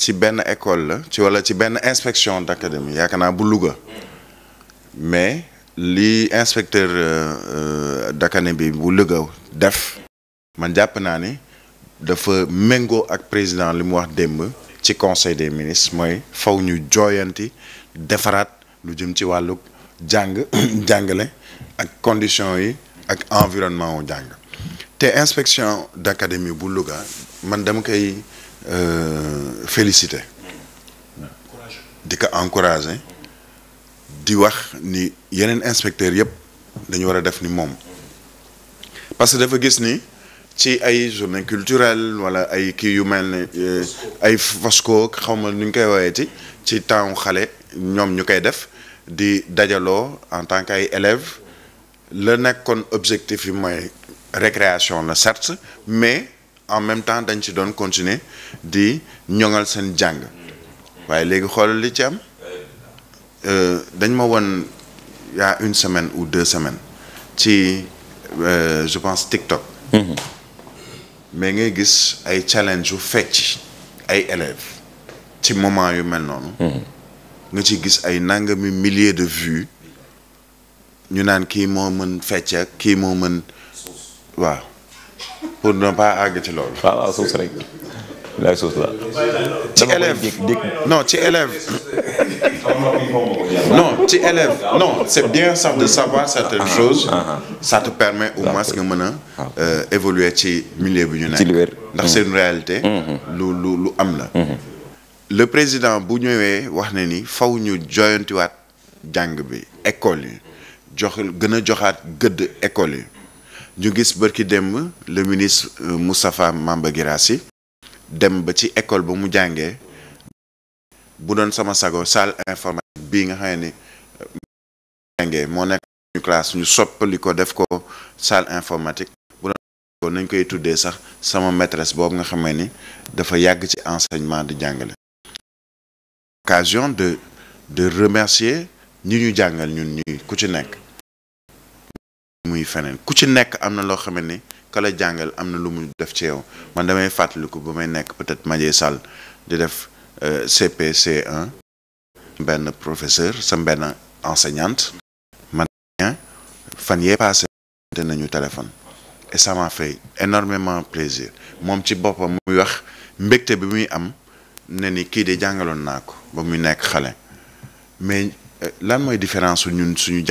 ci benn école la ci walla ci benn inspection d'académie yaakaar naa bu luga mais li inspecteur euh, euh, d'académie bi bu Louga def man jàpp naa ni dafa méngoo ak président li mu wax démb ci conseil des ministres mooy faw ñu jooyanti defaraat lu jëm ci wàllu jàng jàngale ak conditions yi ak environnement wu jàng te inspection d'académie bu Louga man dama koy euh, félicité di ko encourager di wax ni yeneen inspecteurs yëpp dañu war a def ni moom parce que dafa gis ni ci ay journée culturelle wala ay kii yu mel ne euh, ay Fosco xawma nu koy woowee ci ci temps xale ñoom ñu koy def di dajaloo en tant qu'ay élèves la nekkoon objectif yi mooy récréation la certes mais en même temps dañ ci doon continuer di ñoŋal seen jàng waaye léegi xoolal li ci am euh, dañ ma woon il une semaine ou deux semaines ci euh, je pense TikTok. Mmh. mais ngay gis ay challenge yu fecc ay élèves ci moment yu mel noonu. Mhm. nga ci gis ay nangami millier de vues ñu naan kii moo mën fecc ak kii moo mën. waaw pour ne pas àgg ci loolu. waaw waaw suuf ci élève no ci élève. non ci élève non c'est bien sa de savoir certaines ah, choses. Ah, ah. ça te permet au moins nga mën a. Euh, évoluer ci millier bi ñu nekk. ndax seen réalité. Mm-hmm. Mm-hmm. lu lu am la. Mm-hmm. le président bu ñëwee wax ne ni faw ñu joyantiwaat jàng bi école yi jox gën a joxaat gëdd école yi. ñu gis bërki démb le ministre euh, Moustapha Mamba Guirassy dem ba ci école ba mu jàngee bu doon sama sago salle informatique bi nga xam ni euh, jàngee moo nekk ñu classe ñu soppali ko def ko salle informatique bu doon nañ koy tuddee sax sama maîtresse boobu nga xamee ni dafa yàgg ci enseignement di jàngale occasion de remercier ñi ñu jàngal ñun ñi ku ci nekk muy feneen ku ci nekk am na loo xamante ni kala jàngal am na lu mu def ci yow man damay fàttaliku ba may nekk peut-être Madié Sall di def euh, CPC1 benn professeur sa benn enseignante man fan yee passé nañu téléphone et ça m'a fait énormément plaisir moom ci boppam muy wax mbégte bi muy am ne ni kii de jàngaloon naa ko ba muy nekk xale mais euh, lan mooy différence ñu suñu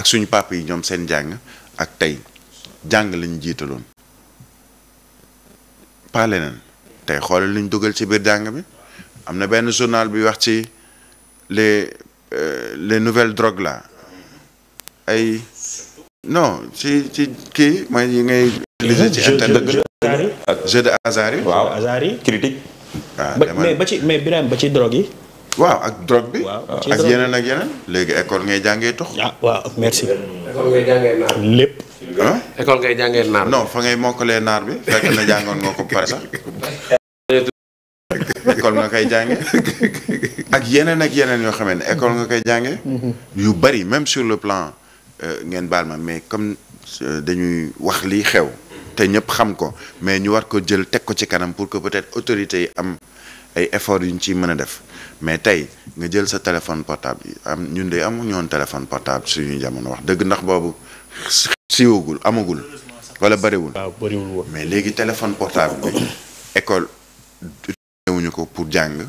ak suñu papa yi ñoom seen jàng ak tey jàng lañ jiitaloon pas leneen tey xoolal luñ dugal ci biir jàng bi am na benn journal bi wax ci le euh, les nouvelles drogues ay non ci ci kii mooy yi ngay utiliser ci internet jeu de hasard yi waaw hasard critique waaw ah, ba ci drogue yi waaw ak drogue bi. ak yeneen ak yeneen. léegi école ngay jàngee tox ah waaw merci. école lépp. école ngay jàngee naar non fa ngay mokkalee naar bi fekk na jàngoon nga ko pare sax. école nga koy jànge ak yeneen ak yeneen yoo xamante ne école nga koy jànge mhm. yu bari même sur le plan euh, ngeen baal ma mais comme euh, dañuy wax lii xew. te ñëpp xam ko mais ñu war ko jël teg ko ci kanam pour que peut-être autorités yi am ay efforts yu ñu ciy mën a def. mais tey nga jël sa téléphone portable yi am ñun de amuñu woon téléphone portable suñu jamono wax dëgg ndax boobu siiwagul amagul wala bëriwul. waaw bëriwul woon mais léegi téléphone portable bi école ñëwuñu ko pour jàng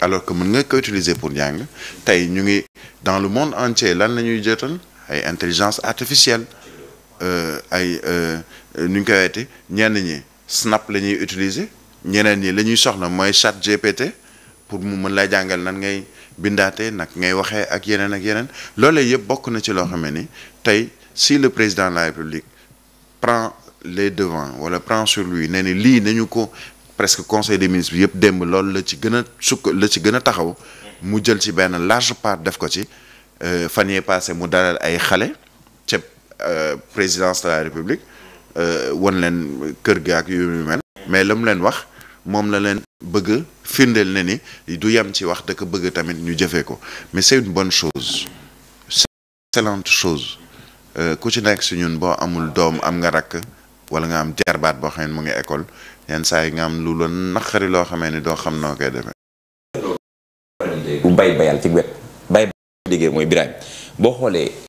alors que mën nga ko utiliser pour jàng tey ñu ngi dans le monde entier lan la ñuy jotal ay intelligence artificielle euh, ay euh, nu ñu koy ñenn ñi Snap la ñuy utiliser ñeneen ñi la ñuy soxla mooy chat GPT. pour mu mën laa jàngal nan ngay bindaate nag ngay waxee ak yeneen ak yeneen loolee yëpp bokk na ci loo xam ne ni tey si le président de la république prend les devants wala prend sur lui ne ni lii nañu ko presque conseil de ministres bi yëpp démb loolu la ci gën a sukk la ci gën a taxaw mu jël ci benn large part def ko ci euh, fan yee passé mu dara ay xale ca euh, présidence de la république euh, wan leen kër gi ak yu mel mais la mu leen wax moom la leen bëgg firndeel na ni du yem ci wax da bëgg tamit ñu jëfe ko mais c'est une bonne chose chose euh, ku ci nekk si ñun boo amul doom am nga rakk wala nga am jarbaat boo xam ne mu ngi école yenn saa yi nga am lu la naqari loo xamee ni doo xam noo koy defee. bu bay boo xoolee.